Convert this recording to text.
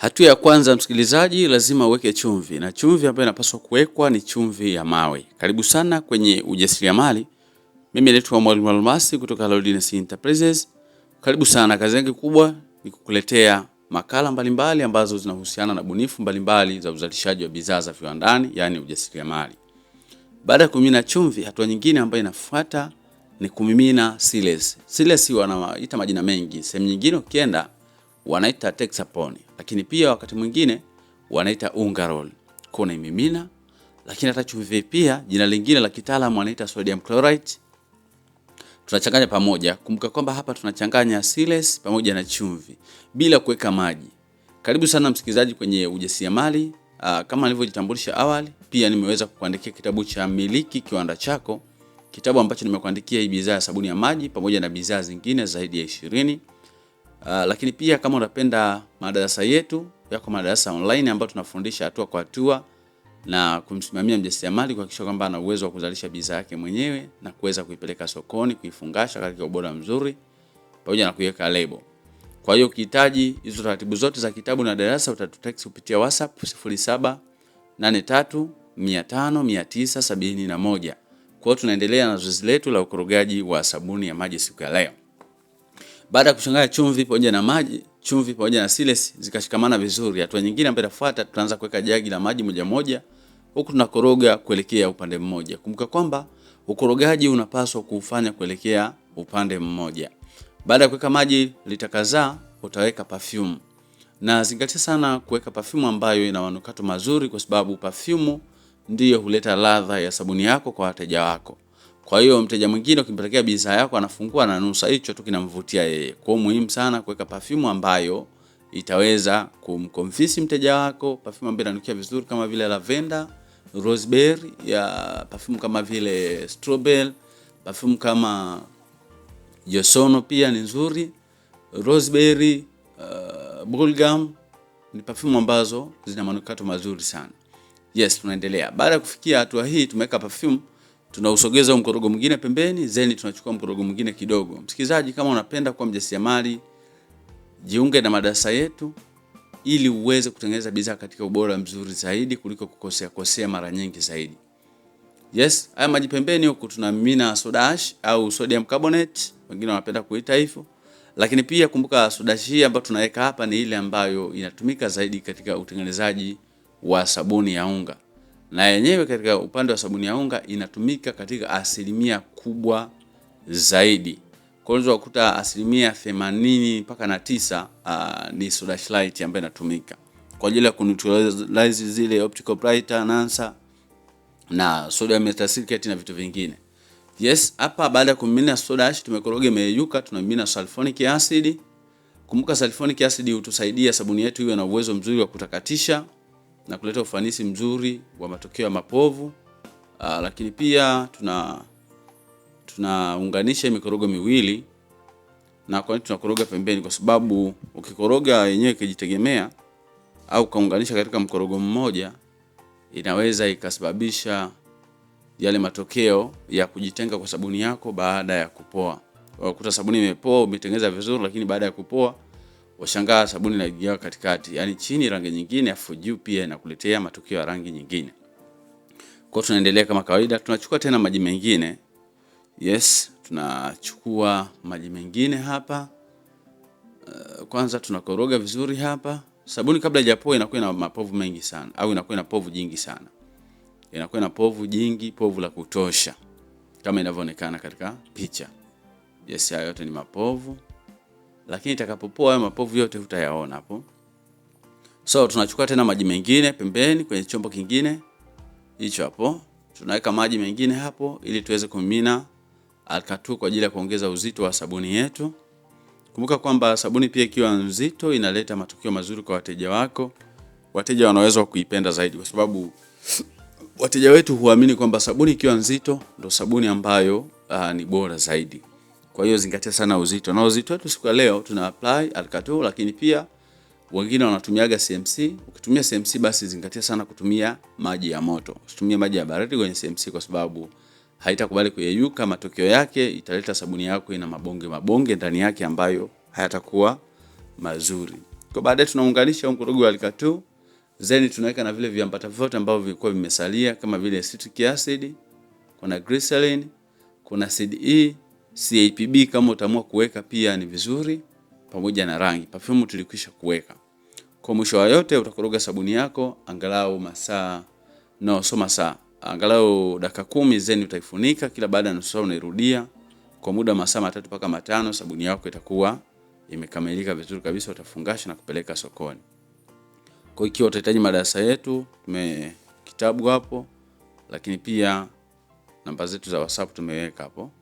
Hatua ya kwanza msikilizaji, lazima uweke chumvi, na chumvi ambayo inapaswa kuwekwa ni chumvi ya mawe. Karibu sana kwenye ujasiriamali. Mimi naitwa Mwalimu Almasi kutoka Halodines Enterprises. Karibu sana, kazi yangu kubwa ni kukuletea makala mbalimbali mbali ambazo zinahusiana na bunifu mbalimbali mbali za uzalishaji wa bidhaa za viwandani, yaani ujasiriamali. Baada ya kumimina chumvi, hatua nyingine ambayo inafuata ni kumimina siles. Siles wanaita majina mengi, sehemu nyingine ukienda wanaita texaponi, lakini pia wakati mwingine wanaita ungarol. Kuna imimina, Lakini hata chumvi pia jina lingine la kitaalamu wanaita sodium chloride. Tunachanganya pamoja. Kumbuka kwamba hapa tunachanganya siles pamoja na chumvi bila kuweka maji. Karibu sana msikilizaji kwenye ujasiriamali. Ah, kama nilivyojitambulisha awali, pia nimeweza kukuandikia kitabu cha Miliki Kiwanda Chako, kitabu ambacho nimekuandikia bidhaa ya sabuni ya maji pamoja na bidhaa zingine zaidi ya ishirini. Uh, lakini pia kama unapenda madarasa yetu yako madarasa online ambayo tunafundisha hatua kwa hatua na kumsimamia mjasiriamali kuhakikisha kwamba ana uwezo wa kuzalisha bidhaa yake mwenyewe na kuweza kuipeleka sokoni, kuifungasha katika ubora mzuri pamoja na kuiweka lebo. Kwa hiyo ukihitaji hizo taratibu zote za kitabu na darasa utatutext kupitia WhatsApp 0783500971. Kwa hiyo tunaendelea na zoezi letu la ukorogaji wa sabuni ya maji siku ya leo. Baada ya kuchanganya chumvi pamoja na maji, chumvi pamoja na siles zikashikamana vizuri, hatua nyingine ambayo inafuata tutaanza kuweka jagi la maji moja moja, huku tunakoroga kuelekea upande mmoja. Kumbuka kwamba ukorogaji unapaswa kuufanya kuelekea upande mmoja. Baada ya kuweka maji litakazaa, utaweka perfume na zingatia sana kuweka perfume ambayo ina manukato mazuri, kwa sababu perfume ndiyo huleta ladha ya sabuni yako kwa wateja wako. Kwa hiyo mteja mwingine ukimpelekea bidhaa yako anafungua na nusa hicho tu kinamvutia yeye. Kwa muhimu sana kuweka perfume ambayo itaweza kumconvince mteja wako, perfume ambayo inanukia vizuri kama vile lavender, roseberry, ya perfume kama vile strawberry, perfume kama yosono pia ni nzuri, roseberry, uh, bubblegum ni perfume ambazo zina manukato mazuri sana. Yes, tunaendelea. Baada ya kufikia hatua hii tumeweka perfume tunausogeza mkorogo mwingine pembeni, zeni tunachukua mkorogo mwingine kidogo. Msikilizaji, kama unapenda kuwa mjasiriamali, jiunge na madarasa yetu ili uweze kutengeneza bidhaa katika ubora mzuri zaidi kuliko kukosea kosea mara nyingi zaidi. Yes, haya maji pembeni huku tunamimina soda ash au sodium carbonate, wengine wanapenda kuita hivyo. Lakini pia kumbuka soda ash hii ambayo tunaweka hapa ni ile ambayo inatumika zaidi katika utengenezaji wa sabuni ya unga na yenyewe katika upande wa sabuni ya unga inatumika katika asilimia kubwa zaidi. Kwa hiyo unakuta asilimia themanini mpaka na tisa uh, ni soda light ambayo inatumika kwa ajili ya kuneutralize zile optical brighter nansa na sodium metasilicate na vitu vingine. Yes, hapa baada ya kumimina soda ash tumekoroga imeyuka, tunamimina sulfonic acid. Kumbuka sulfonic acid hutusaidia sabuni yetu iwe na uwezo mzuri wa kutakatisha na kuleta ufanisi mzuri wa matokeo ya mapovu. uh, lakini pia tuna tunaunganisha mikorogo miwili na kwa nini tunakoroga pembeni? Kwa sababu ukikoroga yenyewe ikijitegemea au ukaunganisha katika mkorogo mmoja inaweza ikasababisha yale matokeo ya kujitenga kwa sabuni yako baada ya kupoa. Ukakuta sabuni imepoa, umetengeneza vizuri, lakini baada ya kupoa washangaa sabuni inaigiwa katikati, yani chini rangi nyingine, afu juu pia inakuletea matukio ya rangi nyingine. Kwa tunaendelea kama kawaida, tunachukua tena maji mengine. Yes, tunachukua maji mengine hapa. Eh, kwanza tunakoroga vizuri hapa. Sabuni kabla haijapoa inakuwa na mapovu mengi sana, au inakuwa na povu jingi sana, inakuwa na povu jingi, povu la kutosha kama inavyoonekana katika picha. Yes, hayo yote ni mapovu lakini itakapopoa hayo mapovu yote utayaona hapo. So tunachukua tena maji mengine pembeni kwenye chombo kingine hicho hapo, tunaweka maji mengine hapo ili tuweze kumimina alkatu kwa ajili ya kuongeza uzito wa sabuni yetu. Kumbuka kwamba sabuni pia ikiwa nzito inaleta matokeo mazuri kwa wateja wako. Wateja wanaweza kuipenda zaidi, kwa sababu wateja wetu huamini kwamba sabuni ikiwa nzito ndo sabuni ambayo aa, ah, ni bora zaidi. Kwa hiyo zingatia sana uzito, na uzito wetu siku ya leo tuna apply alkato, lakini pia wengine wanatumiaga CMC. Ukitumia CMC basi zingatia sana kutumia maji ya moto, usitumie maji ya baridi kwenye CMC kwa sababu haitakubali kuyeyuka. Matokeo yake italeta sabuni yako ina mabonge mabonge ndani yake ambayo hayatakuwa mazuri. Kwa baadaye tunaunganisha huu mkorogo wa alkato, zeni, tunaweka na vile viambata vyote ambavyo vilikuwa vimesalia kama vile citric acid, kuna glycerin, kuna CDE CAPB kama utaamua kuweka pia ni vizuri, pamoja na rangi. Perfume tulikwisha kuweka. Kwa mwisho wa yote, utakoroga sabuni yako angalau masaa no, so masaa angalau dakika kumi, zeni utaifunika. Kila baada ya nusu saa unairudia kwa muda wa masaa matatu mpaka matano. Sabuni yako itakuwa imekamilika vizuri kabisa, utafungasha na kupeleka sokoni. Kwa hiyo utahitaji madarasa yetu, tume kitabu hapo, lakini pia namba zetu za WhatsApp tumeweka hapo.